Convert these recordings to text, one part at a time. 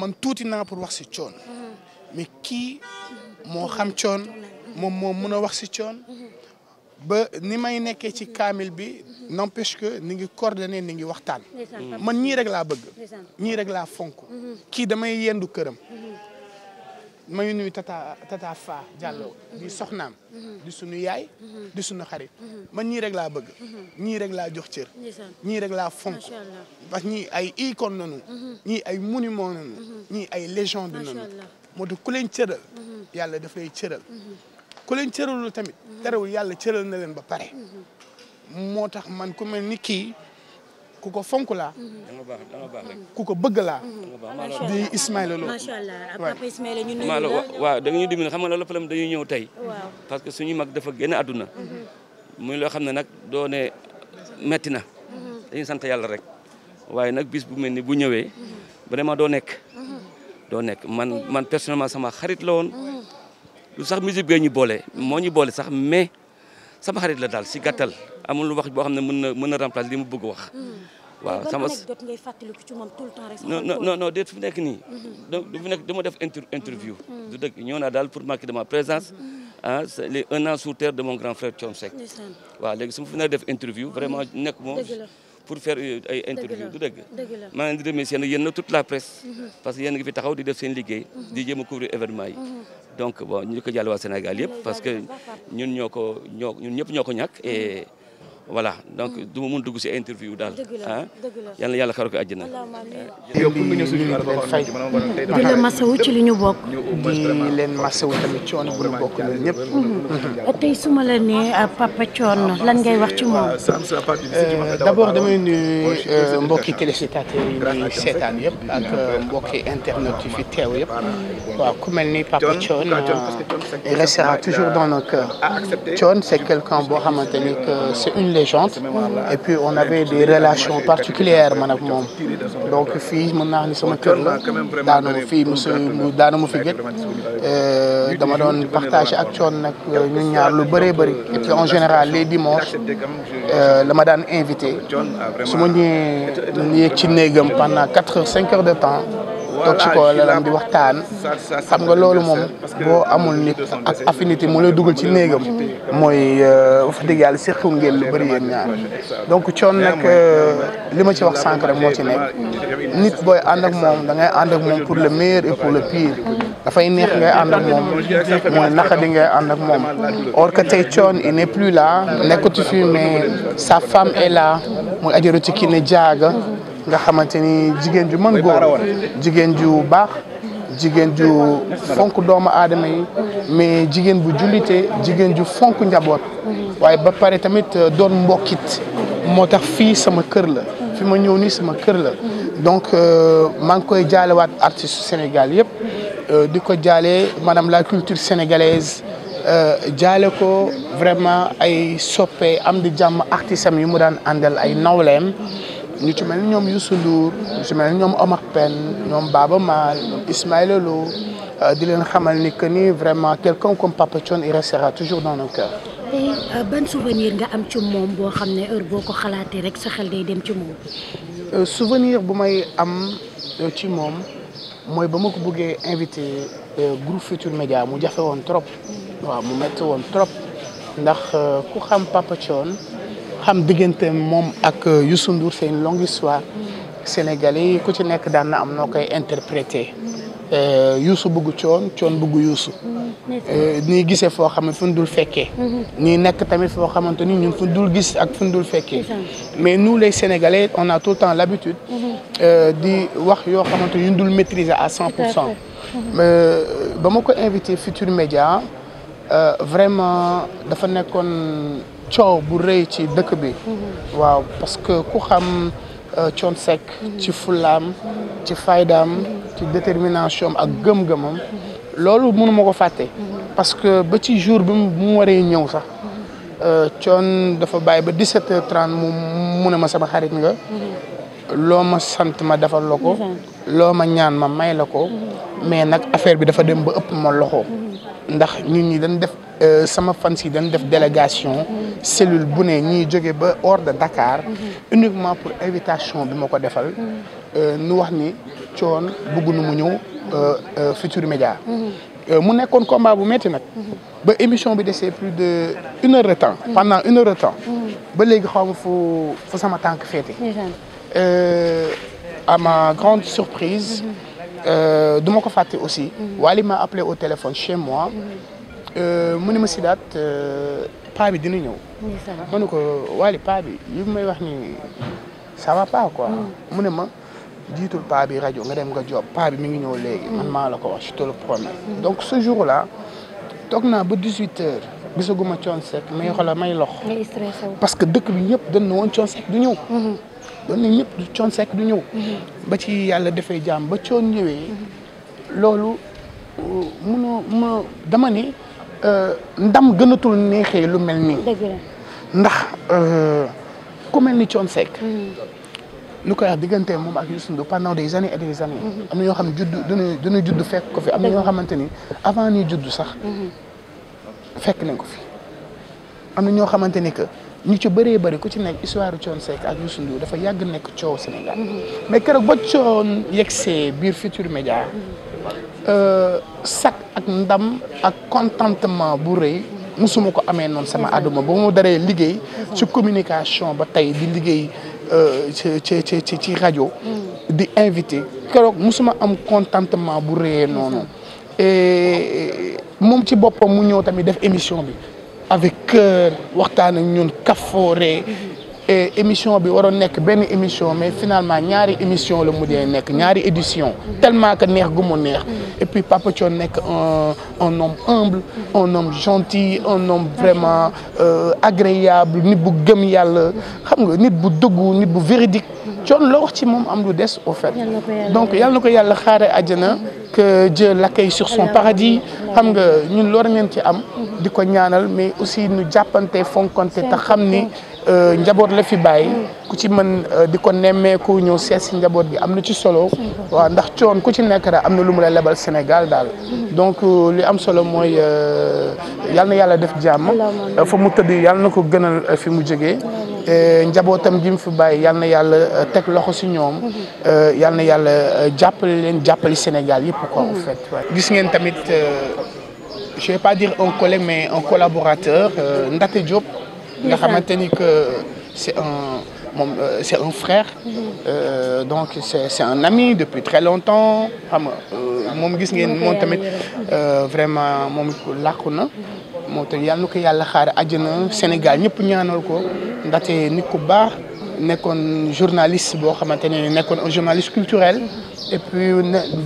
man tuuti naa pour wax si coon mais kii moo xam coon moom moo mën a wax si coon ba ni may nekkee ci kaamil bi n'empêche que ni ngi coordonné ni ngi waxtaan man ñii rek laa bëgg ñii rek laa fonk mhm. kii damay yendu këram ma ngi nuyu tata tata jàlloo Diallo di soxnaam di suñu yaay di suñu xarit man ñii rek laa bëgg ñii rek laa jox cër ñii rek laa fonk parce que ñii ay ikon nanu ñii ay monument nanu mhm. ñii ay légende nanu moo tax ku leen cëral mhm. yàlla daf lay cëral mhm. ku leen cëralul tamit terewul yàlla cëral na leen ba pare moo tax man ku mel ni ku ko fonk laa. ku ko bëgg laa. di Ismaïla Lo. macha allah papa Ismaïla ñu nuyu la waaw da nga ñu dimbali xam nga loolu parce que suñu mag dafa génn àdduna. Mhm. muy loo xam ne nag doone ne metti na. Mhm. dañuy sant yàlla rek. waaye nag bis bu mel ni bu ñëwee. ma mhm. doo nekk. doo nekk man man personnellement sama xarit la woon. sax musique bee ñu boole moo ñu boole sax mais. sama xarit la daal si gàttal amul wax boo xam ne mën na mën na remplacer li mu bëgg wax. Hmm. waaw sama anecdote ngay fàttaliku ci moom tout le temps rek. non non non nekk nii. Hmm. donc dama def interview. Hmm. du dëgg ñëw na daal pour marquer de ma présence. ah c'est les un an sous terre de mon grand frère Thione Seck. waaw léegi su ma fi def interview vraiment nekk moom. pour faire euh, ay interview du dëgg maa ngi di remercier yenn yéen nag toute la presse mhm. parce que yéen ngi fi taxaw di def seen liggéey mhm. di jéem a couvrir événement yi mhm. donc bon ñu ko jàll waa Sénégal yëpp parce que ñun ñoo ko ñoo ñun ñëpp ñoo ko ñàkk et voilà donc mm. du ma mën dugg si interview daal ah yal na yàlla xaral ko àjjana. yow pour nga ñëw suñu fay di la masawu ci li ñu bokk. di leen masawu tamit coono bu ñu bokk ñun ñëpp. tey su ma la nee euh, Papa Thione lan ngay wax ci moom. Ah, d' euh, abord damay nuyu euh, mbokki téléspectateurs yi ñuy seetaan yëpp ak mbokki internet yi fi teew yëpp waaw ku mel ni Papa Thione il restera toujours dans nos cœurs Thione c' est quelqu' un boo xamante ni que c' est une intelligente et puis on avait des relations particulières man ak moom donc fii mën naa ni sama kër la daana ma fii mu mu daana ma fi gët euh, dama doon partager ak coon nag lu bëree bëri en général les dimanches euh, la ma daan invité su ma ñëwee ñu ci néegam pendant quatre heures cinq heures de temps toog ci kaw lalam di waxtaan xam nga loolu moom boo amul nit ak affinité mu lay dugal ci néegam mooy euh, wax dëgg yàlla sequl ngeen lu bëri yéen ñaar donc coon nag euh, li ma ci wax sànq rek moo ci nekk nit booy ànd ak moom da ngay ànd ak moom pour le meilleur et pour le pire dafay neex ngay ànd ak moom mooy naqadi ngay ànd ak moom or que tey coon il n'est plus là nekkatu fi mais sa femme la là muy ajaratu Kiné Diaga nga xamante ni jigéen ju mën góor jigéen ju baax jigéen ju fonk doomu aadama yi mais jigéen bu jullite jigéen ju fonk njaboot waaye ba pare tamit euh, doon mbokkit moo tax fii sama kër la fi ma ñëw nii sama kër la donc euh, maa ngi koy jaalewaat artiste Sénégal yëpp euh, di ko jaale maanaam la culture sénégalaise jaale ko vraiment ay soppe am di jàmm artistes am yu mu daan àndal ay nawleem ñu ci mel ni ñoom Youssou Ndour ñu ci mel ni ñoom Omar Pène ñoom Baba Maal ñoom Ismaïla Lo euh, di leen xamal ni que ni vraiment quelqu'un comme Papa Thione il restera toujours dans nos cœurs. tey euh, ban souvenir nga am ci moom boo xam ne heure boo ko xalaatee rek sa xel day dem ci moom. Euh, souvenir bu may am ci moom mooy ba ma ko bëggee invité groupe Futur Média mu jafe woon trop. Mm. waaw mu métti woon trop ndax ku xam Papa Thione xam diggante moom ak euh, Youssou Ndour c'est une longue histoire sénégalais yi ku ci nekk daan na am noo koy interprété euh, Youssou bëgg coon coon bëgg Youssou euh, nii gisee foo xam ne fu ñu dul fekkee nii nekk tamit foo xamante ni ñu fu ñu dul gis ak fu ñu dul fekkee mais nous les sénégalais on a tout le temps l'habitude di wax yoo xamante ni ñu dul maîtriser à cent pour cent ba ma ko invité Futur Média vraiment dafa nekkoon coow bu rëy ci dëkk bi mhm. waaw parce que ku xam euh, Thione Seck mhm. ci fulaam ci faydaam mhm. ci détermination ak gëm-gëmam loolu mënu ko fàtte parce que ba ci jour bi mu waree ñëw sax euh, Thione dafa bàyyi ba 17 heures 30 mu mu ne ma sama xarit nga loo ma sant ma defal la ko loo ma ñaan ma may la ko mais nag affaire bi dafa dem ba ëpp ma loxo ndax ñun ñi dañ def Euh, sama fan yi dañ def délégation cellule bu ne ñuy jóge ba hors de Dakar uniquement pour invitation bi ma ko defal euh, nu wax ni coon bëggunu mu ñëw euh, Futurs Médias mu nekkoon combat bu metti nag ba émission bi desee plus de une heure de temps pendant une heure de temps ba léegi xaw ma fu fu sama tànk féete à ma grande surprise du ma ko fàtte aussi mm-hmm. Wally m'a appelé au téléphone chez moi Euh, mu ne ma Sidaat euh, paa bi dina ñëw. ma ne ko Waly paa bi li may wax ni saa va pas quoi. Mm. mu ne ma jiitul paa bi rajo nga dem nga job paa bi mi ngi ñëw léegi. man mm. maa la ko wax je te le promets. Mm. donc ce jour là toog naa ba dix huit heures. gisaguma Thione Seck may xoolal may lox. parce que dëkk bi ñëpp dañ na woon Thione Seck du ñëw. Mm-hmm. doon ñëpp Thione Seck du ñëw. Mm-hmm. ba ci yàlla defee jàmm ba Thione ñëwee. Mm-hmm. loolu euh, mënoo ma dama ne. Euh, ndam gënatul neexee lu mel nii. ndax euh, ku mel ni Thione mm. lu koy wax digganteem moom ak Youssou Ndour pendant des années et des mm-hmm. am na xam ne judd dañuy dañuy judd fekk ko fi am na ñoo xamante ni avant ñuy judd sax. Mm-hmm. fekk nañ ko fi am na ñoo xamante ni que ñu ci bëree bëri ku ci nekk histoire Thione Seck ak Youssou Ndour dafa yàgg nekk coow Sénégal. Mm-hmm. mais keroog ba Thione yegsee biir Futurs média Euh, sac ak ndam ak contentement bu rëy musuma ko amee noonu sama àdduma ba mu daree liggéey ci communication ba tey di liggéey euh, ci ci ci ci rajo mm. di invité keroog musuma am contentement bu rëyee noonu et moom ci boppam mu ñëw tamit def émission bi avec cœur waxtaan ak ñun kafoore mm-hmm. et émission bi waroon nekk benn émission mais finalement ñaari émission la mu dee nekk ñaari édition tellement que neex gu mu neex mm. et puis Papa Thione nekk un un homme humble un homme gentil un nom vraiment euh, agréable nit bu gëm yàlla xam nga nit bu dëggu nit bu véridique Thione loo wax ci moom am lu des au fait donc yàlla na ko yàlla xaare àjjana que Dieu l'accueille sur son paradis xam nga ñun loolu ngeen ci am di ko ñaanal mais aussi nu jàppante fonkante te xam ni Euh, njaboot la fi bàyyi ku ci mën euh, di ko nemmeeku ñëw seet si njaboot gi am na ci solo waaw ndax coon ku ci nekk rek am na lu mu la lebal Sénégal daal donc euh, li am solo mooy yal na yàlla def jàmm fa mu tëdd yal na ko gënal fi mu jógee njabootam gi fi bàyyi yal na yàlla teg loxo si ñoom yal na yàlla jàppale leen jàppale Sénégal yëpp quoi en fait gis ngeen tamit je vais pas dire un collègue mais un collaborateur Ndate Diop nga xamante ni que euh, c'est un moom euh, c'est un frère. Mm-hmm. Euh, donc c'est c'est un ami depuis très longtemps xam nga euh, moom gis ngeen moom tamit mm-hmm. vraiment moom làqu na. moo tax yàlla na ko yàlla xaar àjjana Sénégal ñëpp ñaanal ko ndaxte nit ku baax. nekkoon journaliste boo xamante ne nekkoon un journaliste culturel et puis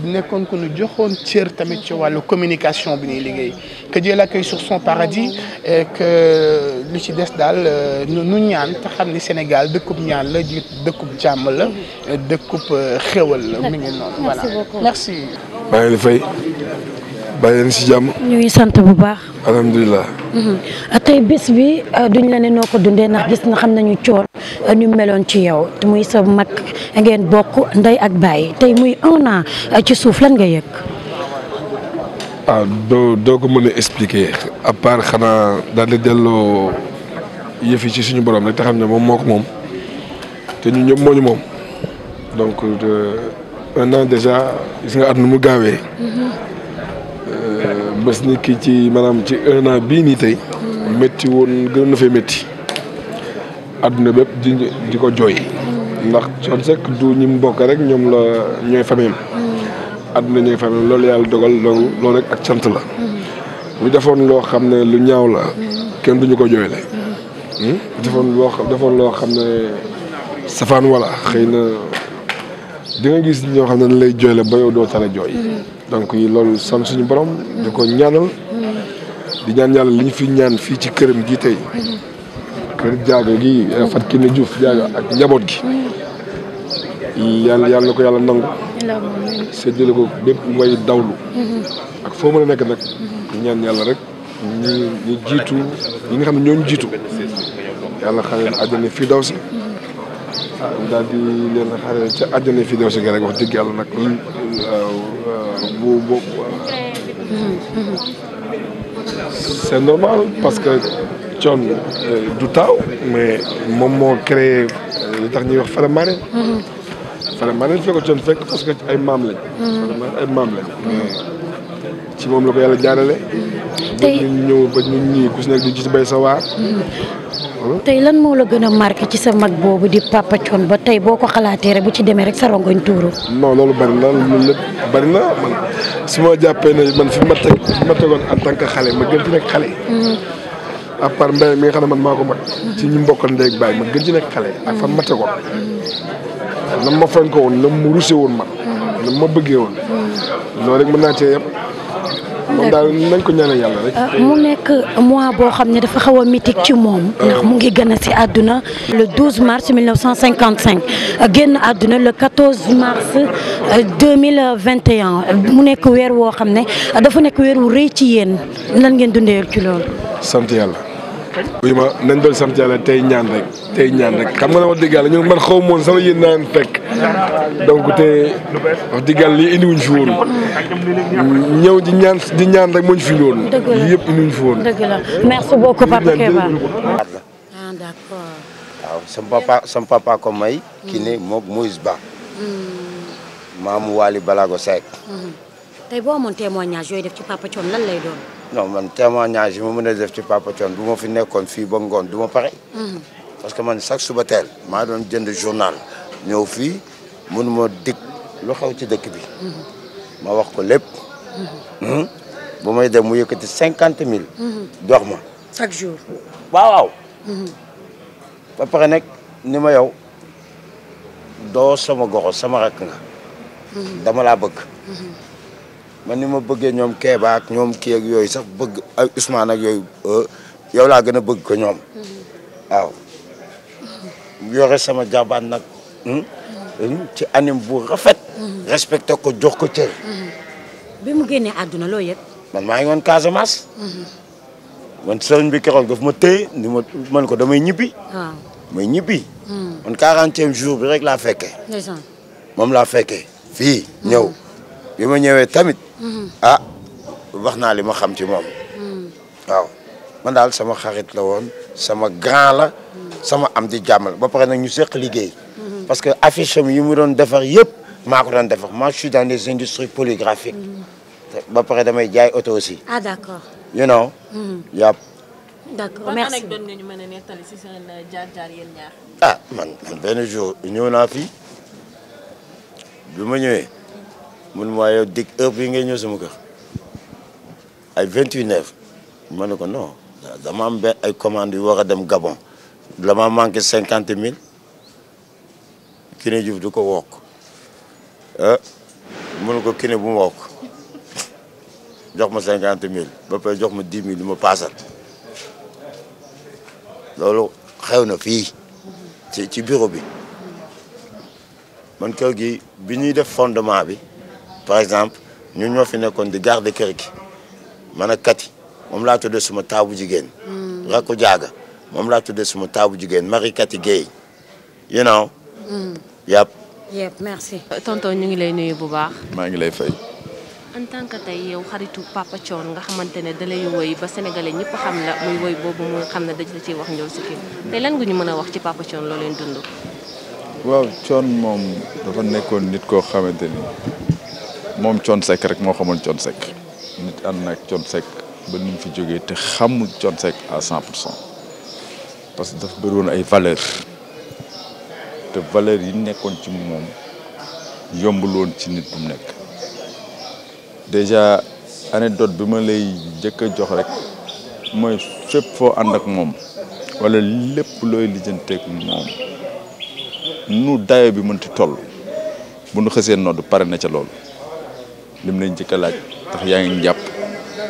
nekkoon ko ñu joxoon cër tamit ci wàllu communication bi ñuy liggéey que Dieu l'accueille sur son paradis et que lu ci des daal euh, nu ñaan te xam ni Sénégal dëkkub ñaan la dëkku jàmm la dëkkub euh, xéwal la mi ngi noonu voilà merci maa ngi fay bàyyi leen si jàmm ñu ngi bu baax alhamdulilah mhm. Eh, ni meloon ci yow muy sa mag ngeen bokk ndey ak baay tey muy un naa eh, ci suuf lan nga yëg. waaw ah, doo doo ko mën a expliquer à part xanaa daal di delloo yëf yi ci suñu borom rek te xam ne moom moo ko moom te ñun ñëpp moo moom donc un an déjà gis nga at nu mu gaawee. Mm-hmm. Euh, bés ni kii ci maanaam ci un an bii nii tey. métti mm-hmm. woon gën na fee métti. àdduna bépp di di ko jooy ndax Thione du ñi mu bokk rek ñoom la ñooy famille àdduna ñooy famille loolu yàlla dogal loolu loolu rek ak sant la lu defoon loo xam ne lu ñaaw la kenn duñu ko jooyle defoon loo defoon loo xam ne safaan wala xëy na di nga gis ñoo xam ne dañ lay jooyle ba yow doo tala jooy donc loolu sant suñu borom di ko ñaanal di ñaan yàlla li ñu fi ñaan fii ci këram gi tey kër jaago gi eh, Fat Kine Diouf jaago ak njaboot gi yàlla yàlla na ko yàlla nangu séddale ko bépp way dawlu ak foo mën a nekk nag ñaan yàlla rek ñi jiitu ñi nga xam ne ñooñu jiitu yàlla xare leen àjjana fii daw si daal di leen xare ca àjjana fii si ga rek wax dëgg yàlla nag bu bu hmm. c'est normal parce que coon euh, du taaw mais moom moo créé euh, li tax ñuy wax Faramareen. Mhm. Faramareen fekk coon fekk parce que ay maam lañ. Mhm. Faramareen ay ci moom la ko yàlla jaarale. tey ba ñu ñëw ba ñun di ci bay sa mhm. lan moo la gën a marqué ci sa mag boobu di Papa Thione ba tey boo ko xalaatee bu ci demee rek sa rongoñ tuuru. non loolu bari na loolu lépp bari na man su ma jàppee ne man fi ma teg fi ma tegoon en tant xale ma gën fi nekk xale. à part mi nga xam ne man maa ko mag ci ñi mbokkal ndey ak baay ma gën ci nekk xale ak fan ma tegoon nan ma fonk woon nan mu rusé woon man ma bëggee woon loolu rek mën naa euh, mu nekk mois boo xam ne dafa xaw a mythique ci moom. mu ngi gën si àdduna. le 12 mars 1955 génn àdduna le 14 mars 2021 euh, mu nekk weer woo xam ne dafa nekk weer wu rëy ci yéen lan ngeen dundee ci loolu. sant yàlla. oui ma nañ doon sant yàlla tey ñaan rek tey ñaan rek xam nga ne wax dëgg ñun man xaw moon sama yéen naan fekk donc te wax dëgg yàlla lii indiwuñ fi woon ñëw di ñaan rek moo ñu fi woon lii yëpp indiwuñ fi woon dëgg la Papa Keba ah papa ko may ki ne moog Moïse Ba hmm. maamu Waly non man témoignage yi ma mën a def ci Papa Thione bu ma fi nekkoon fii ba ngoon du ma pare. Mm-hmm. parce que man chaque suba teel maa doon jënd journal ñëw fii mënu ma dig lu xew ci dëkk bi. Mm-hmm. ma wax ko lépp. Mm-hmm. bu may dem mu yëkkati cinquante mille. dox ma. chaque jour. waaw ba pare nag ni ma yow doo sama goxo sama rakk nga. dama laa bëgg. man ni ma bëggee ñoom Kéba ñoom kii ak yooyu sax bëgg ak Ousmane yooyu euh, yow laa gën a bëgg ko ñoom mm-hmm. waaw yore sama jàmbaat nag hmm, hmm, ci anim bu rafet mm-hmm. respecté ko jox ko cër mm-hmm. bi mu génnee àdduna loo yëg man maa ngi woon Casamance man sëriñ bi keroog daf ma téye ni man ko damay ñibbi waaw may ñibbi mm. man quarantième jour bi rek laa fekkee moom laa fekkee fii ñëw bi ma ñëwee tamit ah wax naa li ma xam ci moom. waaw daal sama xarit la woon sama grand la. sama am di jàmmal ba pare nag ñu seq liggéey. parce que affiche am yi mu doon defar yëpp maa ko doon defar moi je industries polygraphiques. ba pare damay jaay oto aussi. ah d'accord. you a nettali euh, ah man man jour ñëw naa fii bi ma ñëwee. mun ma yow dig heure bii ngay ñëw sama ay vingt heures ma ne ko non dama am ay commande yu war a dem Gabon dama manqué cinquante mille Kiné Diouf du ko wok ah mu ko Kiné bu ma jox ma cinquante mille ba pare jox ma dix mille lu ma paasal loolu xew na fii ci ci bureau bi man kër gi bi ñuy def fondement bi. par exemple ñu ñoo fi nekkoon di garde kër gi man ak Kati moom laa tuddee suma taabu jigéen. Hmm. Raku Jaaga moom laa tuddee suma taabu jigéen Marie Kati Guèye you know. Hmm. yàpp. yëpp merci. tonton ñu ngi lay nuyu bu baax. maa ngi lay fay. en tant que tey yow xaritu Papa Thione nga xamante ne da lay woy ba sénégalais ñëpp xam la muy woy boobu mu xam ne dañ la ciy wax Ndiol Sikkim tey lan nga ñu mën a wax ci Papa Thione loo leen waaw Thione moom dafa nekkoon nit koo xamante moom Thione Seck rek moo xamoon Thione Seck nit ànd na ak Thione Seck ba ni mu fi jógee te xamul Thione Seck à cent pour parce que dafa bëri ay valeur te valeur yi nekkoon ci moom yombul ci nit bu mu nekk déjà anecdote bi ma lay njëkk a jox rek mooy fépp foo ànd ak moom walla lépp looy lijjanteeg moom nu dayo bi mënti toll bu nu xësee nodd pare na ca loolu lim lañ jëkk a laaj tax yaa ngi jàpp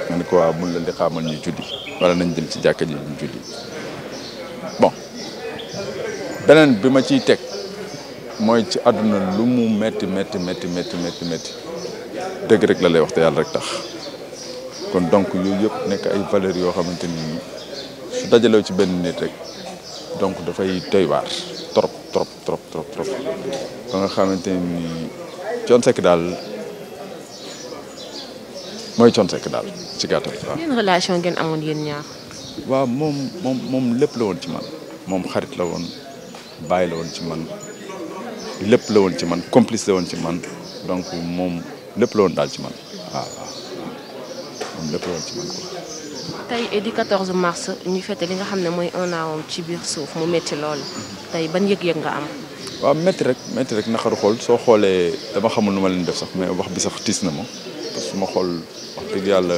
ma ne ko waaw mun la di xaamal ñu julli wala nañ dem ci jàkka ji ñu julli bon beneen bi ma ciy teg mooy ci àdduna lu mu metti metti metti metti metti metti dëgg rek la lay wax te yàlla rek tax kon donc yooyu yëpp nekk ay valeurs yoo xamante ni su dajalew ci benn nit rek donc dafay doy waar trop trop trop trop trop ba nga xamante ni coon sekk daal mooy Thione daal ci gàttal waaw. yéen relation ngeen amoon yéen ñaar. waaw moom moom moom lépp la woon ci man moom xarit la woon bàyyi la woon ci man lépp la woon ci man complice la woon ci man donc moom lépp la woon daal ci man waaw ci man quoi. tey di 14 mars ñu fete li nga xam ne mooy un ci biir suuf mu métti loolu tey ban yëg-yëg nga am. waaw métti rek métti rek naqaru xool soo xoolee dama xamul nu ma leen def sax mais wax bi sax tiis na ma. parce que suma xool wax yàlla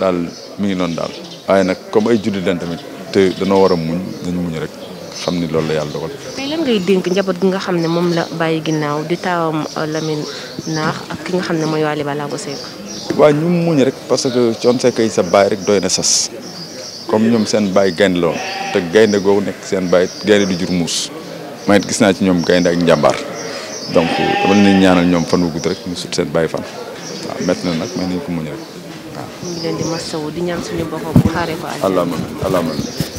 daal mu ngi noonu daal. waaye nag comme ay jullit lañ tamit te danoo war a muñ dañu muñ rek xam ni loolu la yàlla dogal. tey lan gi nga xam ne moom la bàyyi ginnaaw di taawam euh, Lamine naax ak ki nga xam ne mooy Waly Ballago Seck. waaw ñu rek parce que Thione Seck sa baay rek doy na sas comme ñoom seen baay gaynde loon te gaynde googu nekk seen baay gaynde du jur muus man gis naa ci ñoom gaynde ak njàmbaar donc dama leen ñaanal ñoom fan wu gudd rek ñu sut seen baay fan. waaw métti na nag may nañ ko muñ rek waaw. di masawu di ñaan suñu borom bu xaaree ko àjjana. allahumma amiin allahumma amiin